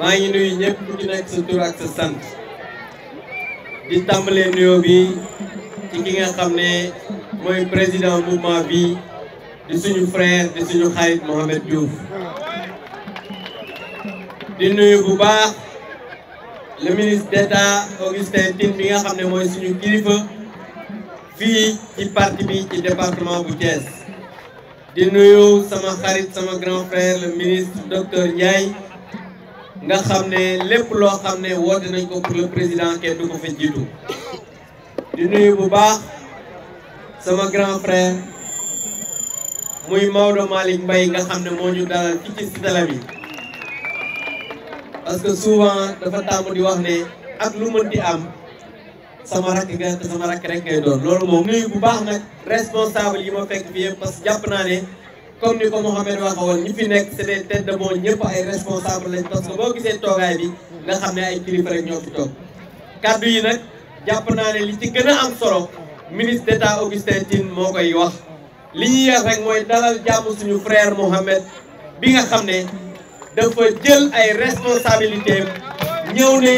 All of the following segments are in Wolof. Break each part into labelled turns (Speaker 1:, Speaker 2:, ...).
Speaker 1: maa ngi nuyu ñëpp ku ci nekk sa tur ak sa sant di tàmbalee nuyoo bi ci ki nga xam ne président mouvement bi di suñu frère di suñu xarit Mohamed Diouf di nuyu bu baax le ministre d'État Augustin Tine bi nga xam ne mooy suñu kilifa fii ci parti bi ci département bu Thiès di nuyu sama xarit sama grand frère le ministre docteur Ndiaye nga xam lepp lo loo wote nañ ko pour le président kenn du ko fa jiitu di nuyu bu baax sama grand frère muy mawdo malik mbay nga xam mo ñu dal ci ci Cité bi parce que souvent dafa tambu di wax ne ak lu mën di am sama rak nga sama rak rek ngay doon lolu moom nuyu bu baax nak responsable yi ma fekk bi parce que jàpp ne comme ni ko Mouhamed waxa woon ñi fi nekk c'est des têtes de monde ñëpp ay responsable lañ parce boo gisee toogaay bi nga xam ne ay kilifa rek ñoo fi toog kaddu yi nag jàpp naa ne li ci gën a am solo ministre d'état Augustin Tine moo koy wax li ñuy wax rek mooy dalal jàmm suñu frère Mouhamed bi nga xam ne dafa jël ay responsabilités ñëw ne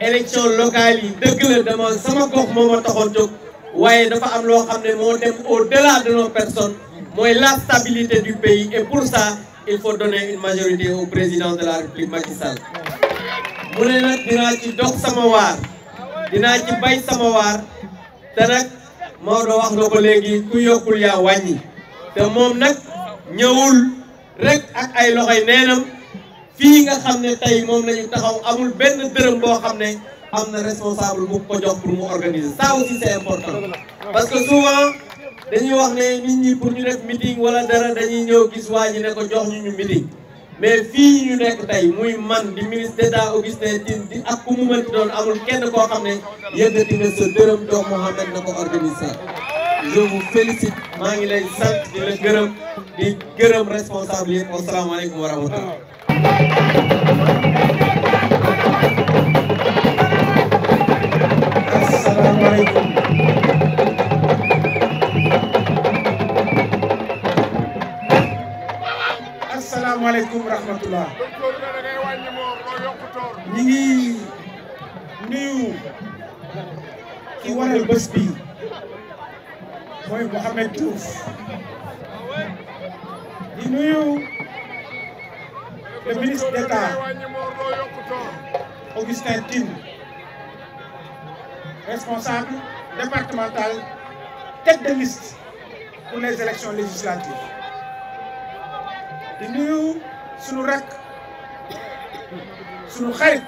Speaker 1: élection locale yi dëgg la dama sama gox moo ma jóg waaye dafa am loo xam ne moo dem au delà de nos personnes moi la stabilité du pays et pour ça il faut donner une majorité au président de la République Macky Sall mu ne dina ci dox sama waar dina ci bay sama waar te nag Maodo wax do ko légui ku yokul ya wàññi té mom nak ñewul rek ak ay loxay neenam fi nga xamné tay mom lañu taxaw amul benn dërëm bo xamné amna responsable bu ko jox pour mu organiser ça aussi c'est important parce que souvent dañuy wax ne nit ñi pour ñu def meeting wala dara dañuy ñëw gis waa ji ne ko jox ñu ñu meeting mais fii ñu nekk tey muy man di ministre d'État Augustin Tine di ak ku mu mënti doon amul kenn koo xam ne yëkkati sa dërëm jox Mohamed na ko organiser je vous félicite maa ngi lay sant di la gërëm di gërëm responsable yëpp asalaamaaleykum wa rahmatullah
Speaker 2: Nous, nous, qui nuyu ki waral le ministre d'État Augustin Tim, responsable départemental tête de liste pour les élections législatives di sunu rakk sunu xarit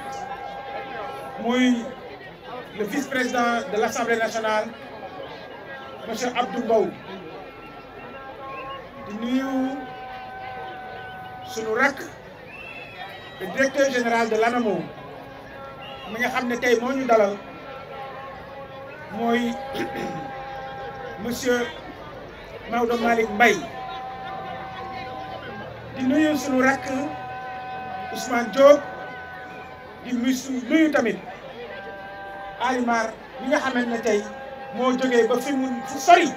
Speaker 2: muy le vice-président de l'Assemblée nationale monsieur Abdou Mbow di nuyu sunu le directeur général de l'ANAMO mi nga xam ne tey moo ñu dalal monsieur Maodo Malick Mbaye di nuyu suñu rakk Ousmane Diop di nuyu tamit Alimar mi nga xamee ne tey moo jógee ba fi mu fu sori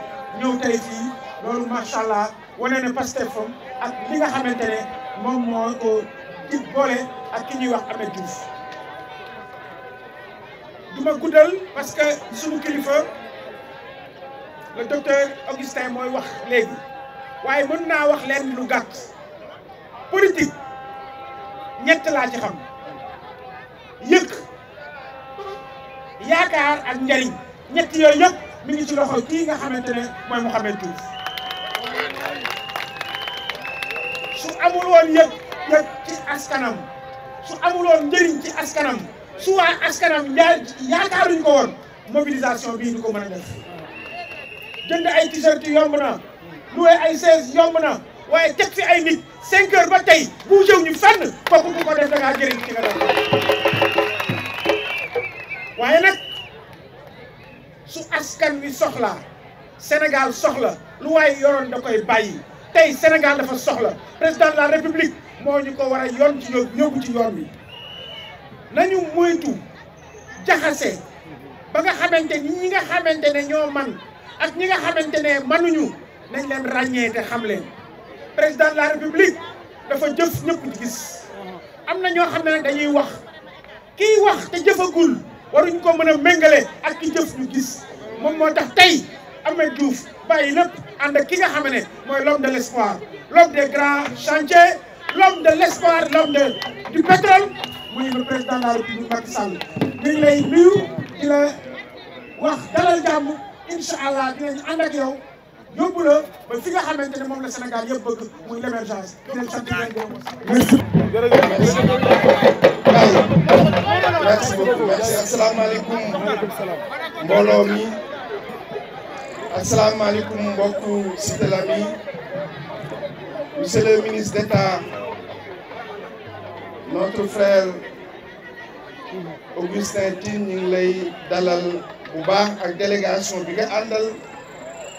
Speaker 2: ñëw tey fii loolu macha allah wane na Pastefam ak li nga xamante ne moom moo ko di boole ak ki ñuy wax ame Diouf duma guddal parce que suñu kilifa le docteur Augustin mooy wax léegi waaye mën naa wax leen lu gàtt. politique ñett laa xam yëkk yaakaar ak njariñ ñett yooyu mi ngi ci loxo kii nga xamante ne mooy Mouhamed Diouf su amul woon yëg yëg ci askanam su amul woon ci askanam su waa askanam yaakaaruñ ko woon mobilisation bii du ko mën a def jënd ay t-shirt yomb na loué ay chaise yomb na. waaye teg fi ay nit 5 ba tey bu jëw ñu fenn kooku ku ko def da jëriñ ci nga waaye nag su askan wi soxla Sénégal soxla lu waaye yoroon da koy bàyyi tey Sénégal dafa soxla président de la république moo ñu ko war a yoon ci yóbbu ci yoon bi nañu moytu jaxase ba nga xamante ni ñi nga ne ñoo man ak ñi nga xamante ne manuñu nañ leen ràññee te xam leen président de la république dafa jëf ñëpp di gis am na ñoo xam ne nag dañuy wax kii wax te jëfagul waruñ ko mën a méngale ak ki jëf ñu gis moom moo tax tey Ameth Diouf bàyyi lépp ànd ki nga xam ne mooy l'homme de l'espoir l'homme des grands chantiers l'homme de l'espoir l'homme de du pétrole muy le président la république Macky Sall ñu ngi lay nuyu di wax dalal jàmm incha allah dinañ ànd ak yow yóbbu la ba fi nga xamante ne moom la Sénégal yëpp bëgg muy l' émergence di leen sant leen boobu. merci. merci beaucoup merci asalaamaaleykum mbooloo mi asalaamaaleykum ministre d'État notre frère Augustin Tine ñu lay dalal bu ak délégation bi nga àndal.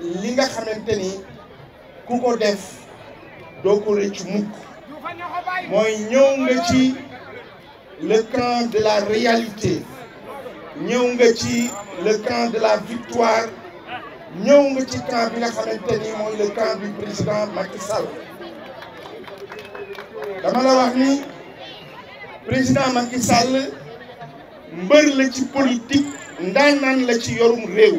Speaker 2: li nga xamanteni ku ko def ko rëcc mukk mooy nga ci le camp de la réalité ñëw nga ci le camp de la victoire ñëw nga ci camp bi nga xamante mooy le camp du président Macky Sall dama la wax ni président Macky Sall mbër la ci politique ndaanaan la ci yorum réew.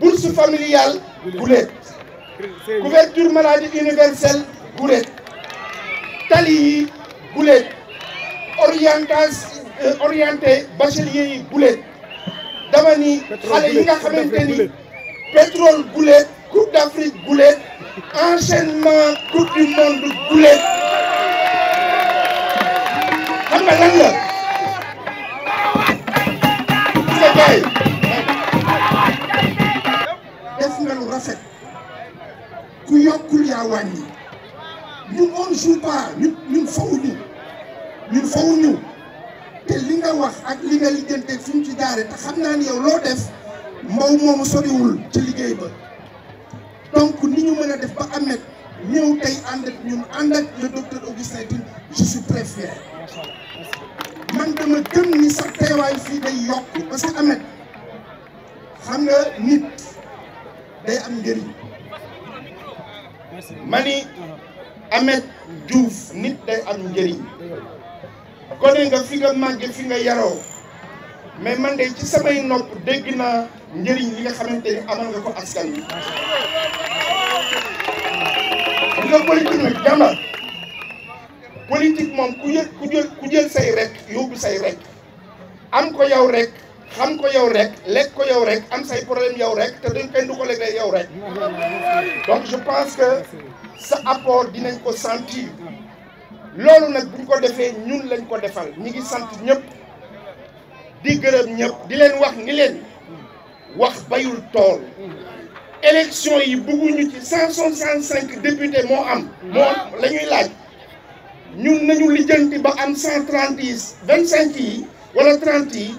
Speaker 2: bourse familiale boulet. couverture maladie universelle boulette, tali boulet. Euh, orienté bachelier boulette, Damani, dama pétrole goulette. coupe d'Afrique boulet. enchaînement coupe du monde boulet. xam rafet ku yokkul yaa wàññi ñun on joue pas ñun ñun fawuñu te li nga wax ak li nga liggéeyante fi ñu ci jaaree te xam naa ni yow loo def mbaw moomu soriwul ci liggéey ba donc ni ñu mën a def ba amet ñëw tey ànd ñun ànd ak le docteur Augustin Tine je man dama gëm ni sax teewaay fii day yokk parce que amet xam nga nit. day am njëriñ ma ni Ameth nit day am njëriñ gone nga fi nga màgge fi nga yaroo mais man de ci samay nopp dégg naa njëriñ yi nga xamante ni a nga ko askan wi li nga politique nag jàmbar politique moom ku jël ku jël ku jël say rek yóbbu say rek am ko yow rek xam ko yow rek lekk ko yow rek am say problème yow rek te duñ kenn du ko léeg yow rek donc je pense que sa apport dinañ ko sentir loolu nag buñ ko defee ñun lañ ko defal ñi ngi sant ñëpp di gërëm ñëpp di leen wax ni leen wax bayul tool élection yi bëgguñu ci cent soixante-cinq députés moo am moo la ñuy laaj ñun nañu lijjanti ba am cent trente yi vingt cinq yi yi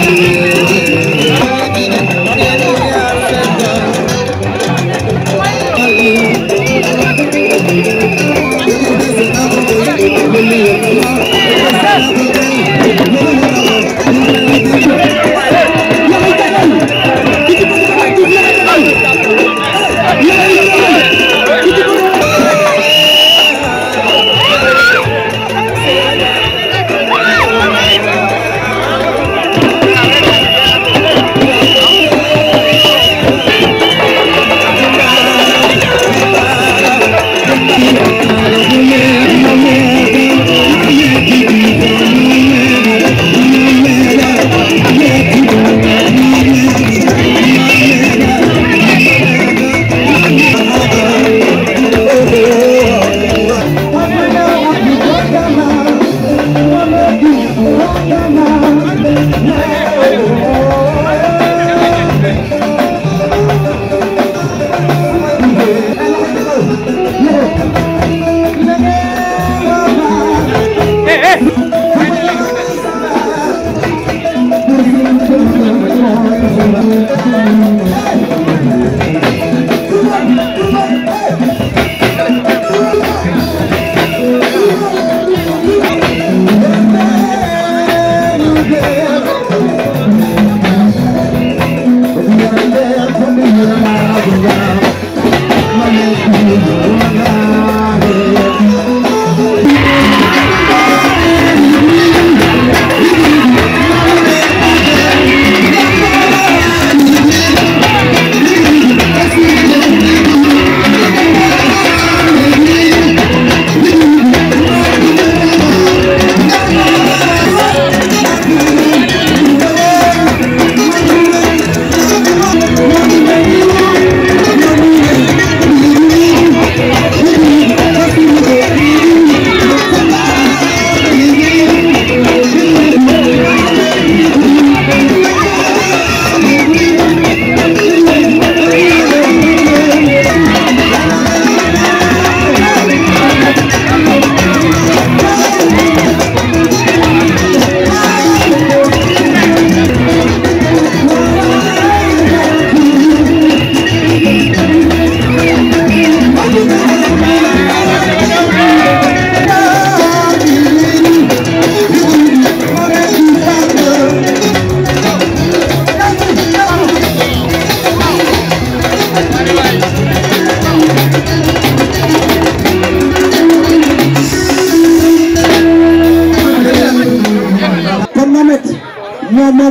Speaker 3: Thank you.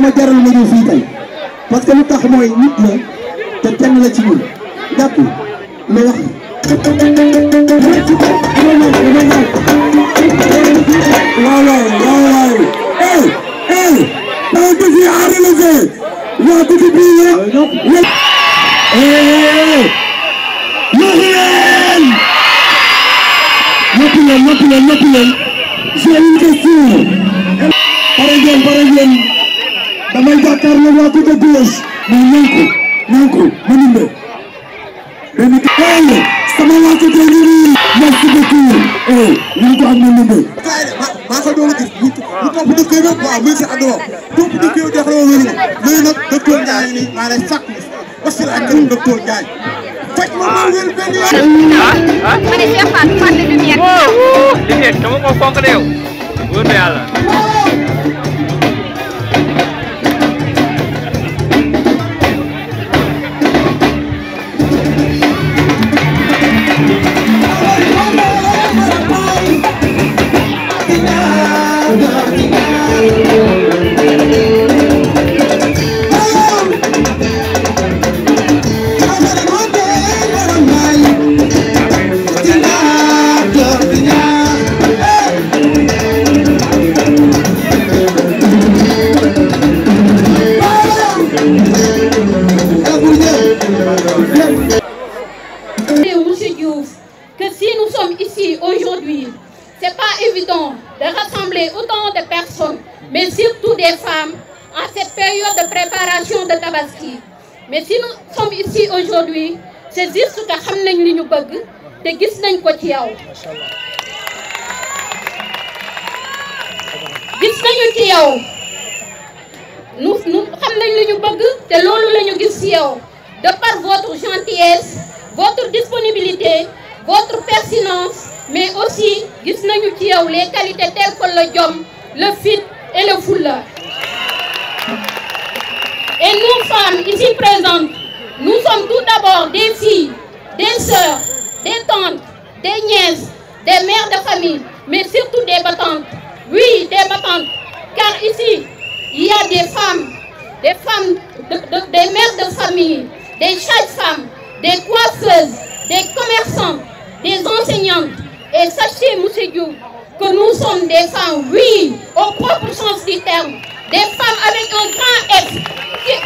Speaker 3: moo ma jaral ma ñëw fii tey parce que lu tax mooy nit la te kenn la ci ñun d'accord jàkkaarloo waa côté gauche muy ñànku ñànku Manimbe dañu ko waaye sama waa côté ñu
Speaker 2: nii merci beaucoup eh ñànku ak Manimbe maa ko doon gis lu topp dëkkee ba waaw muy si àdduna topp dëkkee ba joxloo wéru ma léegi nag docteur Ndiaye ni maa lay fàq wasil ak kërëm docteur Ndiaye faj ma ma wér benn yoon ah, ah, ma
Speaker 4: ne Cheikh Fatou Fatou lumière
Speaker 1: lumière dama ko fonk de yow wóor na yàlla
Speaker 4: telle que le jom, le fit et le fouleur. Et nous, femmes ici présentes, nous sommes tout d'abord des filles, des sœurs, des tantes, des nièces, des mères de famille, mais surtout des battantes. Oui, des battantes. Car ici, il y a des femmes, des femmes, des mères de famille, des jeunes femmes des coiffeuses, des commerçants, des enseignantes. Et sachez, Monsieur que nous sommes des femmes, oui, au propre sens du terme, des femmes avec un grand S,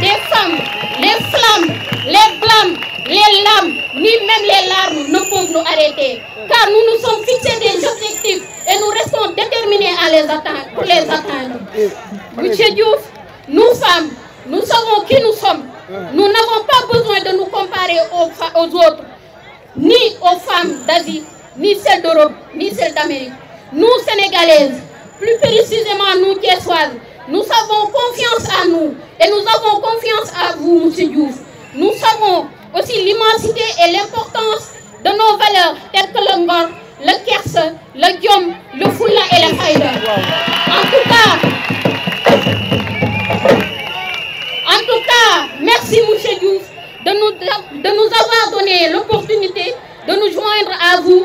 Speaker 4: des femmes, les flammes, les flammes, les lames, ni même les larmes ne peuvent nous arrêter. Car nous nous sommes fixés des objectifs et nous restons déterminés à les atteindre, les atteindre. Monsieur Diouf, nous femmes, nous savons qui nous sommes. Nous n'avons pas besoin de nous comparer aux autres, ni aux femmes d'Asie, ni celles d'Europe, ni celles d'Amérique nous Sénégalaises, plus précisément nous Thiessoises, nous avons confiance en nous et nous avons confiance à vous, M. Diouf. Nous savons aussi l'immensité et l'importance de nos valeurs telles que le ngor, le kers, le guillaume, le foula et la faïda. En tout cas, en tout cas, merci M. Diouf de nous, de nous avoir donné l'opportunité de nous joindre à vous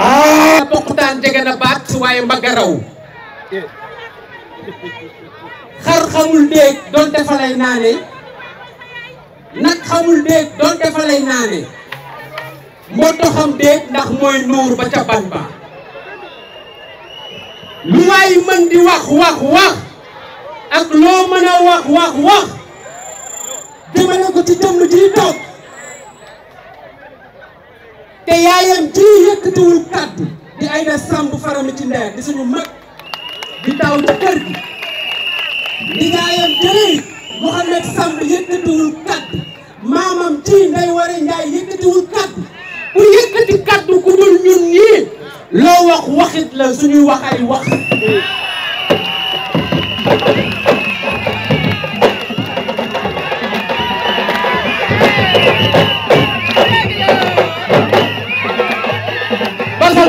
Speaker 2: ah poqutaan jege na baat waaye mbagga raw xar xamul déeg donte fa lay naane nag xam déeg ndax mooy nuur ba ca ban ba lu waay mën di wax wax wax ak loo mën a wax wax wax jëmale ko ci jëmm ji toog te yaayam jii yëkkatiwul kàddu di ay da sàmb farami ci ndeer di suñu mag di taw ci kër gi di yaayam jëlee Mouhamed Samb yëkkatiwul kàddu maamam ci Ndeye Waré Ndiaye yëkkatiwul kàddu ku yëkkati kàddu ku dul ñun ñii loo wax
Speaker 4: waxit la suñuy wax wax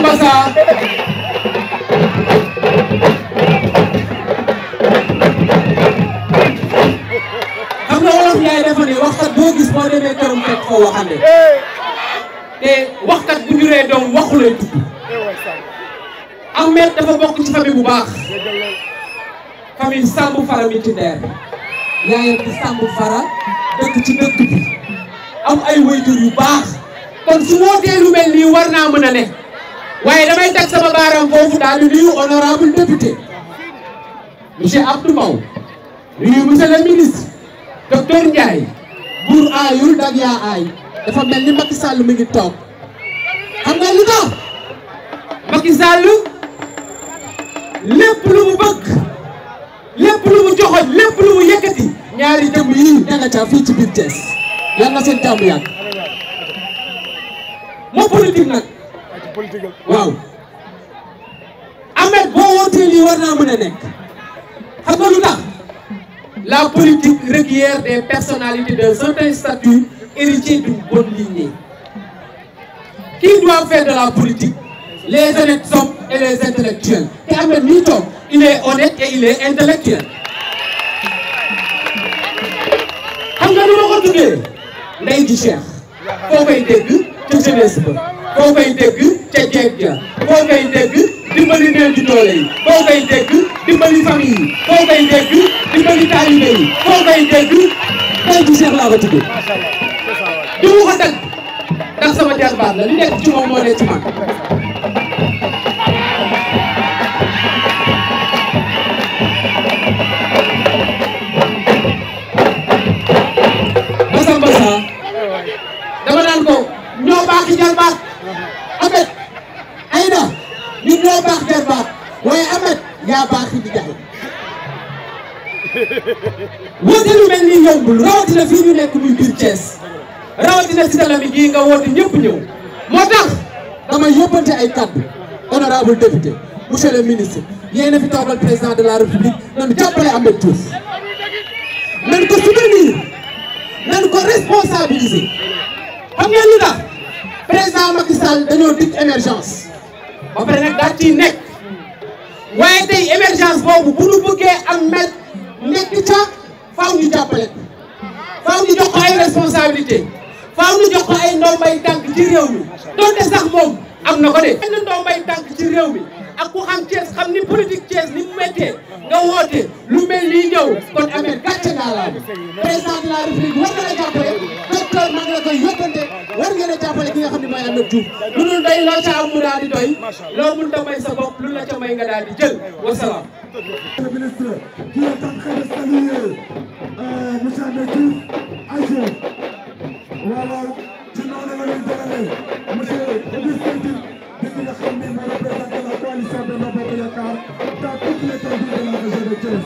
Speaker 2: Massa xam nga wolof yaay dafa ne waxkat boo gis boo demee këram fekk ko waxande te waxkat bu juree doom waxu lay tudd Ahmed dafa bokk ci famille bu baax famille Samb Fara Mitidère yaayam ci Samb Fara dëkk ci dëkk bi am ay wayjur yu baax kon su wootee lu mel nii war naa mën ne waaye damay teg sama baaraam foofu daal di nuyu honorable député monsieur Abdou Mbow nuyu monsieur le buur aayul dag yaa aay dafa mel ni Macky Sall mi ngi toog xam nga lu tax Macky Sall lépp mu bëgg lépp lu mu joxoñ lépp lu mu yëkkati ñaari jëm yii danga fii ci biir Thiès yal na seen jàmm yàgg moo politique Wow. Ahmed boo on dit la politique requiert des personnalités d'un certain statut héritier d'une bonne lignée qui doit faire de la politique les honnêtes hommes et les intellectuels Et Ahmed mii il est honnête et il est intellectuel xam vous nu ma ko tuddee pour Cheikh foo koy je te jeunesse koo koy dégg ca jeeg ja koo koy dégg dimbali néew di doole yi koo koy dégg dimbali famille yi koo koy dégg dimbali taalibe yi koo koy dégg tey ji Cheikh laa ko tudd di mu ko tag ndax sama jaar baat la li nekk ci moom moo nekk ci man yombul rawatina fii ñu nekk muy biir Thiès rawatina si talami gii nga woote ñëpp ñëw moo tax dama yóbbante ay kaddu honorable député monsieur le ministre yéen a fi toogal président de la république nañu jàppale Ahmed Diouf nañ ko soutenir nañ ko responsabiliser xam ngeen lu tax président Macky dañoo dikk émergence ba pare nag nekk waaye tey émergence boobu bu ñu bëggee am nekk ca faaw ñu jàppale faaw ñu jox ko ay responsabilité faaw ñu jox ko ay ndombay tànk ci réew mi donte sax moom am na ko de. benn ndombay tànk ci réew mi ak ku xam Thiès xam ni politique Thiès ni mu méttee nga woote lu mel nii ñëw kon amee gàcce ngaa laal président de la république war nga la jàppale docteur maa ngi la koy yóbbante war ngeen a jàppale ki nga xam ne mooy Amath Diouf lu lu la ca may di jël wasalaam. ancien de Diouf AG waaw
Speaker 3: ci noonu la ñuy jëlee monsieur Augustin Tine di nga xam ni mooy représenté la coalition Benno Bokk Yaakaar dans toutes les communes de la région de Thiès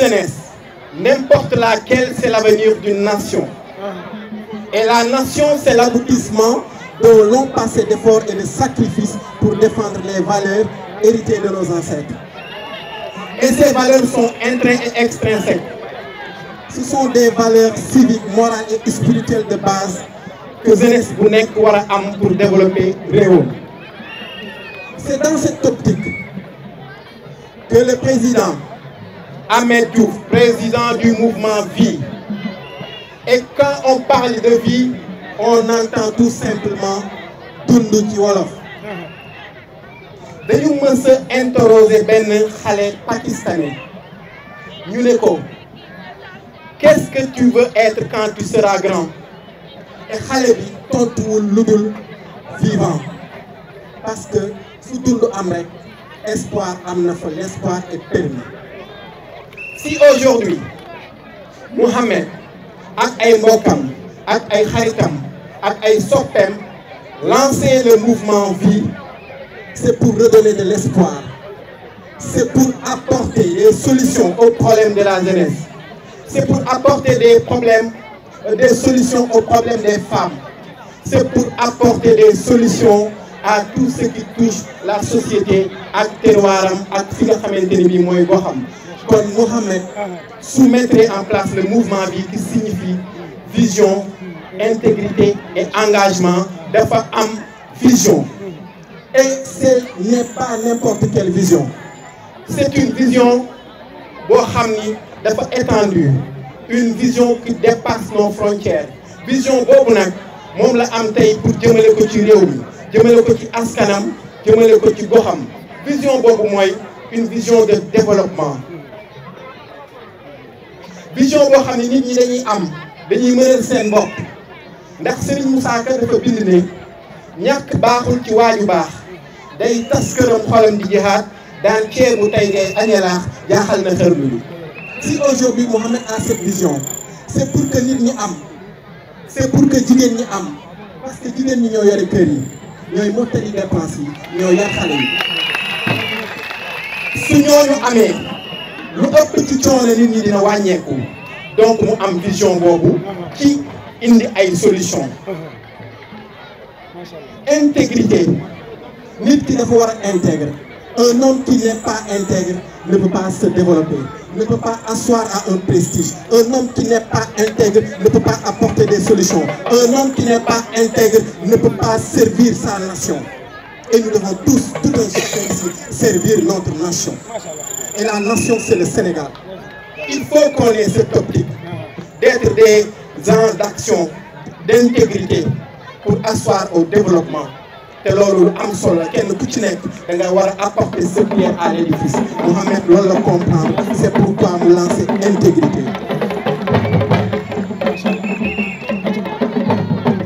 Speaker 2: jeunesse, n'importe laquelle, c'est l'avenir d'une nation. Et la nation, c'est l'aboutissement d'un long passé d'efforts et de sacrifices pour défendre les valeurs héritées de nos ancêtres. Et ces valeurs sont et extrinsèques. Ce sont des valeurs civiques, morales et spirituelles de base que jeunesse bounek nekk pour développer Réo. C'est dans cette optique que le président Ahmed Diouf, président du mouvement Vie. Et quand on parle de vie, on entend tout simplement Tundu ci wolof dañu interroger pakistanais ñu qu'est-ce que tu veux être quand tu seras grand et xale bi tontuwul vivant parce que fu dund am l'espoir est permis si aujourd'hui Mohamed, ak ay mbokam ak ay xaritam ak ay sopem lancer le mouvement Vie c'est pour redonner de l'espoir c'est pour apporter des solutions aux problèmes de la jeunesse c'est pour apporter des problèmes euh, des solutions aux problèmes des femmes c'est pour apporter des solutions à tout ce qui touche la société à Terwaram, ak fi nga et de bii mooy kon Mohamed soumettrait en place le mouvement bi qui signifie vision intégrité et engagement dafa am vision et ce n'est pas n'importe quelle vision c'est une vision qui xam étendue une vision qui dépasse nos frontières vision boobu nag la am pour jëmale ko ci jëmale ko ci askanam jëmale ko ci goxam vision boobu mooy une vision de développement vision boo xam ne nit ñi dañuy am dañuy mënal seen bopp ndax Serigne Moussa Ka dafa bind ne ñàkk baaxul ci waaju baax day tas këram xolam di jihaat daan ceebu tey ngay añelaax jaaxal na xërlu si aujourd'hui Mohamed a cette vision c'est pour que nit ñi am c'est pour que jigéen ñi am parce que jigéen ñi ñoo yore kër yi nous mottali dépense yi ñooy yar xale yi su ñooñu amee nous sommes ci coono nit ñi dina wàññeeku donc mu am vision qui ci indi ay solution intégrité nous devons être intègre un homme qui n'est pas intègre ne peut pas se développer ne peut pas asseoir à un prestige. Un homme qui n'est pas intègre ne peut pas apporter des solutions. Un homme qui n'est pas intègre ne peut pas servir sa nation. Et nous devons tous, tout un chacun ici, servir notre nation. Et la nation, c'est le Sénégal. Il faut qu'on ait cette optique d'être des gens d'action, d'intégrité pour asseoir au développement et l'Or Amsola, am solo la kenn ku ci nek apporter ce pierre à l'édifice Mohamed loolu la comprendre c'est pourquoi me lancer intégrité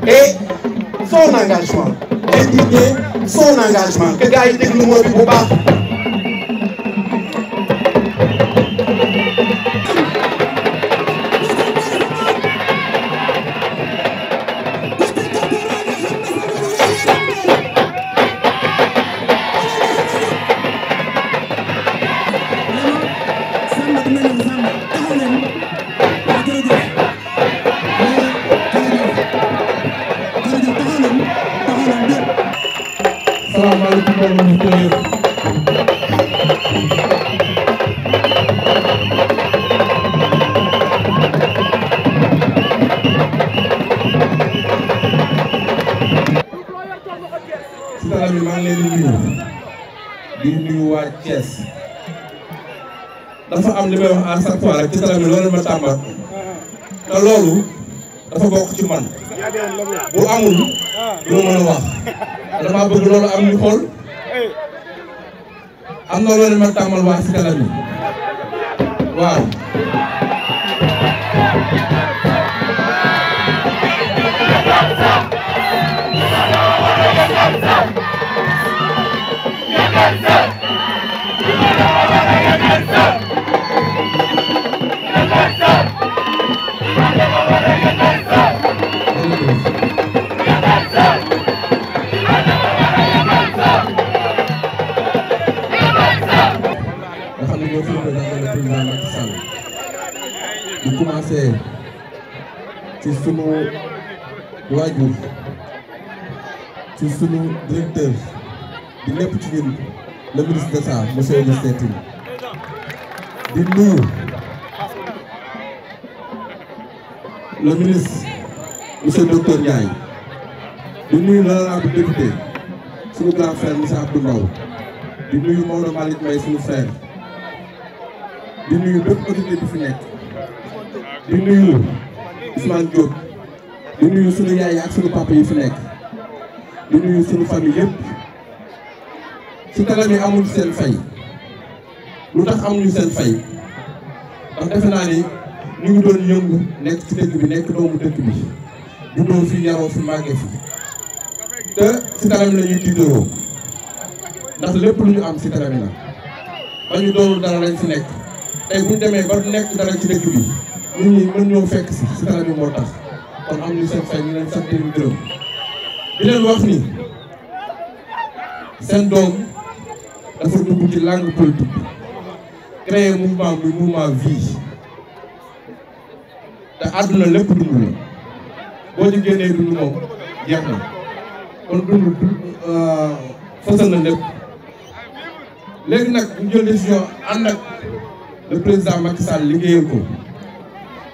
Speaker 2: et son engagement bien son engagement que bu li may wax à loolu ma tàmbat te loolu dafa bokk ci man bu amul lu mën a wax dama bëgg loolu am ñu xool am na loolu ma tàmbal waa ci tala bi waaw commencé ci sunu waajur ci sunu directeur di lépp ci ñun le ministre de ça monsieur Augustin Tine di nuyu le ministre monsieur docteur Ndiaye di nuyu l'honorable député sunu grand frère monsieur Abdou Mbow di nuyu Maodo Malick Mbaye di nuyu bépp autorité bi fi nekk di nuyu Ousmane Diop di nuyu suñu yaay ak suñu papa yi fi nekk di nuyu suñu famille yëpp su kanam yi amul seen fay lu tax amuñu seen fay ndax defe naa ni ñu ngi doon yëngu nekk ci dëkk bi nekk doomu dëkk bi juddoo fi yaroo fi màggee fi te si kanam la ñuy tiitaroo ndax lépp lu ñu am si kanam la ba ñu doonul dara lañ fi nekk tey bu ñu demee ba nekk dara ci dëkk bi nit ñi mën ñoo fekk si si tali moo tax kon am ni seen fay ñu leen sant leen gërëm di leen wax ni seen doom dafa dugg ci langue politique bi créé mouvement bi mouvement vie te àdduna lépp dund la boo ci génnee dund moom jeex na kon dund euh, fësal na lépp léegi nag ñu jël décision ànd ak président Macky Sall liggéeyal ko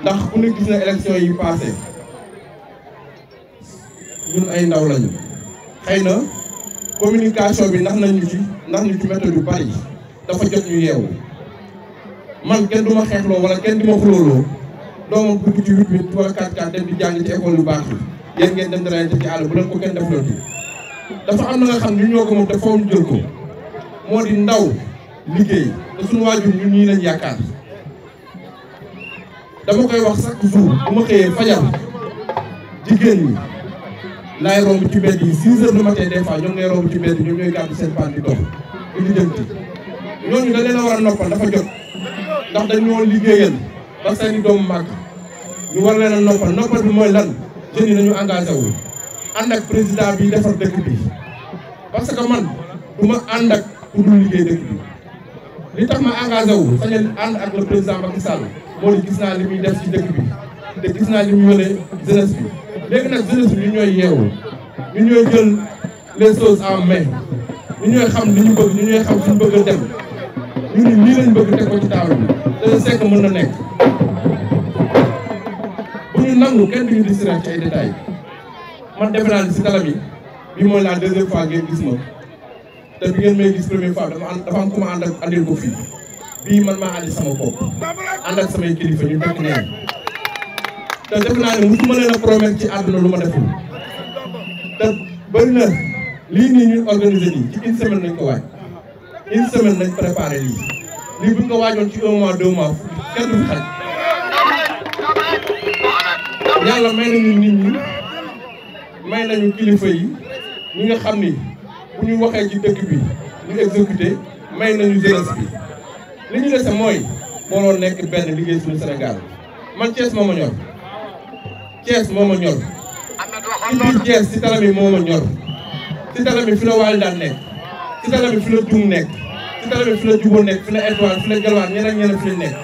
Speaker 2: ndax ku ne gis na élection yi passé ñun ay ndaw lañu xëy na communication bi ndax nañu ci ndax ñu ci méthode yu bari dafa jot ñu yeewu man kenn du ma xeexloo wala kenn di ma xulooloo doomam dugg ci huit huit wala quatre quatre dem di jàng ci école yu baax yi ngeen dem di rayante ci àll bu leen ko kenn def loolu dafa am na nga xam ne ñoo ko moom te foofu ñu jël ko moo di ndaw liggéey te suñu waajur ñun ñii lañ yaakaar dama koy wax chaque jour bu ma xëyee fajar jigéen ñi laay romb ci mbedd yi 6 heures du matin des fois ñoom ngay romb ci mbedd ñoom ñooy gàddu seen paan di dox di lijjanti ñooñu da leen a war a noppal dafa jot ndax dañoo liggéeyal ba seen i doomu màgg ñu war leen a noppal noppal bi mooy lan jeunes nañu engagé wu ànd ak président bi defar dëkk bi parce que man du ma ànd ak ku dul dëkk bi li tax ma engagé wu sañal ànd ak le président Macky moo di gis naa li muy def ci dëkk bi te gis naa li muy wane jeunesse bi léegi nag jeunesse bi ñu ñooy yeewu ñu ñooy jël les choses en main ñu ñooy xam li ñu bëgg ñu ñooy xam fi ñu bëgg a dem ñu ni lii lañ bëgg teg ko ci table bi te sekk mën na nekk bu ñu nangu kenn duñu distraire ci ay détails man defe naa ni si kalam yi bi mooy la deuxième fois ngeen gis ma te bi ngeen may gis première fois dama dafa am ku ma ànd ak andil ko fii bii man maa andi sama bopp ak samay kilifa ñu dëkk neen te def naa ne musuma leen a promettre ci àdduna lu ma deful te bëri lii nii ñuy organiser ci une semaine nañ ko waaj une lii lii buñ ko waajoon ci un mois deux mois kenn may nañu nit may nañu kilifa yi ñi ni bu ñu waxee ci dëkk bi ñu exécuté may nañu jeunesse bi li ñu dese mooy booloo nekk benn liggéey suñu man Thiès moo ma ñor Thiès moo ma mi moo ma ñor ci tala mi fi la Wally daan nekk ci tala mi fi la Dioum nekk ci tala mi fi la Dioubou nekk fi la Étoile fi la Galwaan ñeneen ñeneen fi la nekk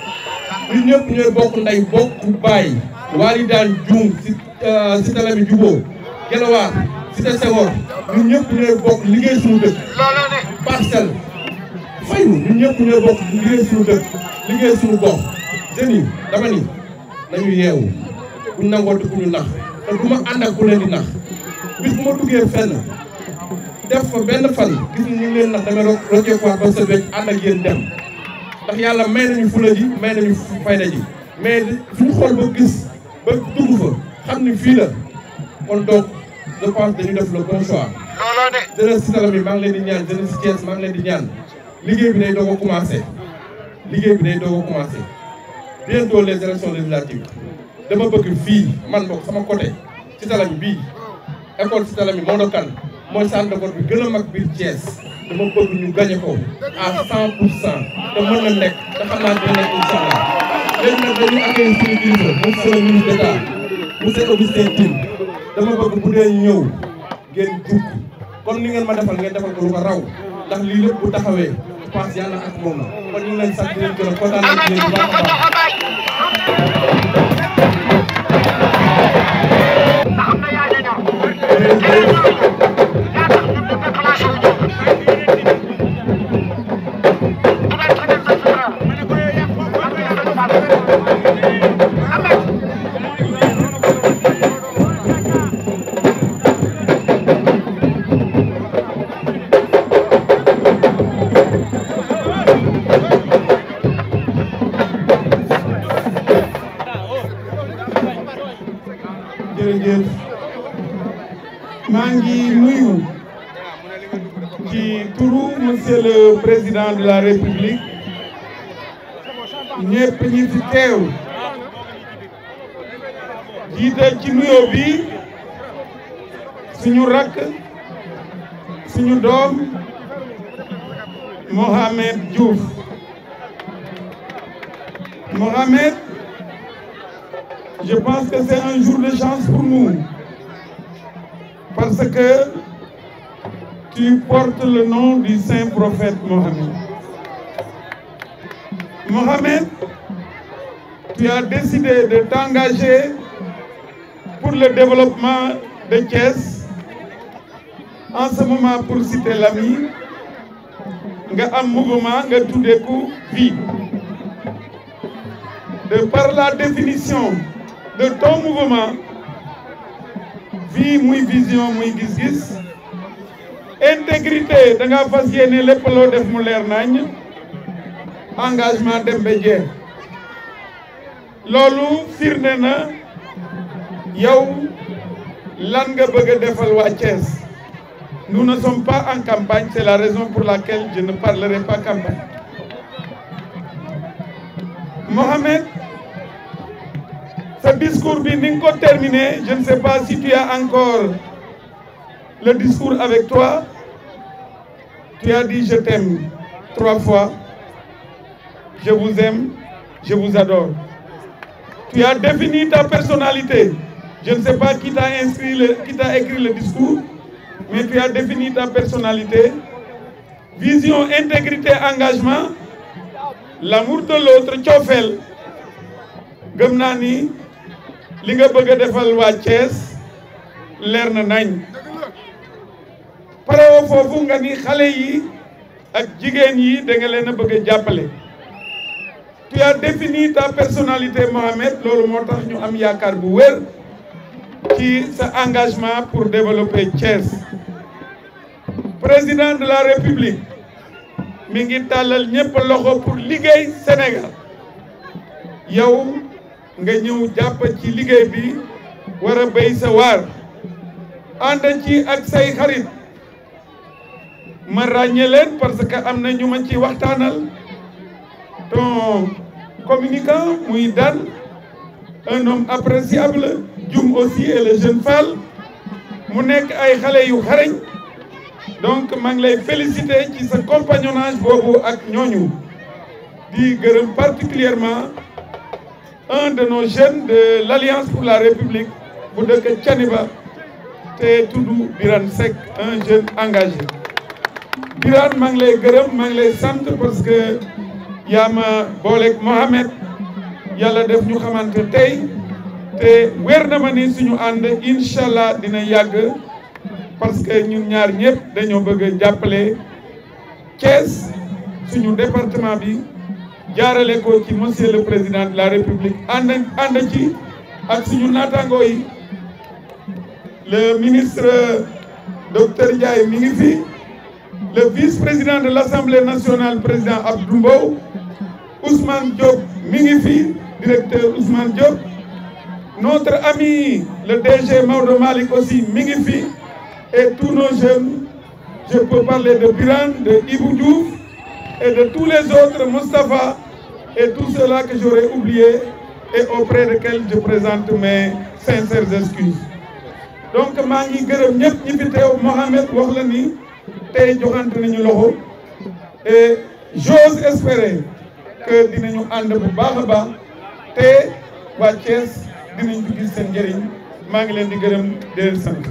Speaker 2: ñun ñëpp ñooy bokk nday mi Dioubou Galwaan ci euh, ta Senghor ñun ñëpp ñooy fayu ñun ñëpp ñoo bokk liggéey suñu dëkk liggéey suñu gox jeunes yi dama ni nañu yeewu buñ nangoo te ñu nax te du ma ànd ak ku leen di nax bis bu ma duggee fenn def fa benn fan gis ñu ngi leen nax damay roccee ko ba sa bëj ànd ak yéen dem yàlla may nañu fula ji may nañu fayda ji mais suñu xool ba gis ba dugg fa xam ni fii la kon donc je pense dañu def le bon choix. looloo de. jërëjëf si maa ngi leen di ñaan jërëjëf si maa ngi ñaan. liggéey bi day dogo a commencé liggéey bi day dogo a commencé bientôt les élections législatives dama bëgg fi man bok sama côté ci talam bi école ci talam bi mo do kan mooy centre de vote bi gëna mag biir Thiès dama bëgg ñu gagné ko à 100 pour cent te mën na nek te xam naa dina nekk incha allah léegi nag mo accueillir suñu kilifa monsieur le ministre d'État monsieur Augustin Tine dama bëgg bu dé ñëw ngeen jug comme ni ngeen ma defal ngeen defal ko lu ko raw ndax li lepp bu taxawé je pense yàlla ak moom la kon ñu ngi leen sant di leen gërëm kontaan nañ ci yéen bu baax a baax.
Speaker 5: de la république nous ñi fi teew jiital ci nuyoo bi Mohamed Diouf Mohamed je pense que c'est un jour de chance pour nous parce que tu portes le nom du saint prophète Mohamed. Mohamed, tu as décidé de t'engager pour le développement de Thiès. En ce moment, pour citer l'ami, tu un mouvement, tu tout vie. De par la définition de ton mouvement, vie, mouille vision, mouille gis intégrité da nga fas lepp lo def mu leer nañ engagement dem beje jeex loolu na yow lan nga bëgg defal wa Thiès nous ne sommes pas en campagne c'est la raison pour laquelle je ne parlerai pas campagne Mohamed ce discours bi ni ko terminé je ne sais pas si tu as encore le discours avec toi. Tu as dit je t'aime trois fois. Je vous aime, je vous adore. Tu as défini ta personnalité. Je ne sais pas qui t'a écrit le discours, mais tu as défini ta personnalité. Vision, intégrité, engagement, l'amour de l'autre, Tchofel. Gumnani, li nga bëgg parewoo foofu nga ni xale yi ak jigéen yi danga leen a bëgg a jàppale tu as défini ta personnalité Mohamed loolu moo tax ñu am yaakaar bu wér ci sa engagement pour développer Thiès président de la république mi ngi tàllal ñëpp loxo pour liggéey Sénégal yow nga ñëw jàpp ci liggéey bi war a béy sa waar ànd ci ak say xarit ma suis parce que amna ñuma ci waxtanal ton communicant muy Dan un homme appréciable Dioum aussi et le jeune Fall mu nek ay xalé yu donc je ngi lay féliciter ci sa compagnonnage bobu ak Je di particulièrement un de nos jeunes de l'Alliance pour la République bu dëkk Thiéniba té Biran un jeune engagé Birane maa ngi lay gërëm maa ngi sant parce que yaa ma booleeg Mohamed yàlla def ñu xamante tey te weer na ma ni suñu ànd incha allah dina yàgg parce que ñun ñaar ñëpp dañoo bëgg jàppale Thiès suñu département bi jaarale ko ci monsieur le président de la république ànd ànd ci ak suñu naataangoo yi le ministre docteur Ndiaye mi ngi fi. le vice-président de l'Assemblée nationale, président Abdou Ousmane Diop Mingifi, directeur Ousmane Diop, notre ami le DG Mauro Malik aussi et tous nos jeunes, je peux parler de Biran, de Ibou et de tous les autres, Mustafa, et tout cela que j'aurais oublié et auprès desquels je présente mes sincères excuses. Donc, Mangi vous remercie, Mohamed Wahlani, tey joxante nañu loxo et j'ose espérer que dinañu ànd bu baax a baax te waa Thiès dinañ ko gis seen njëriñ maa ngi leen di gërëm di leen sant.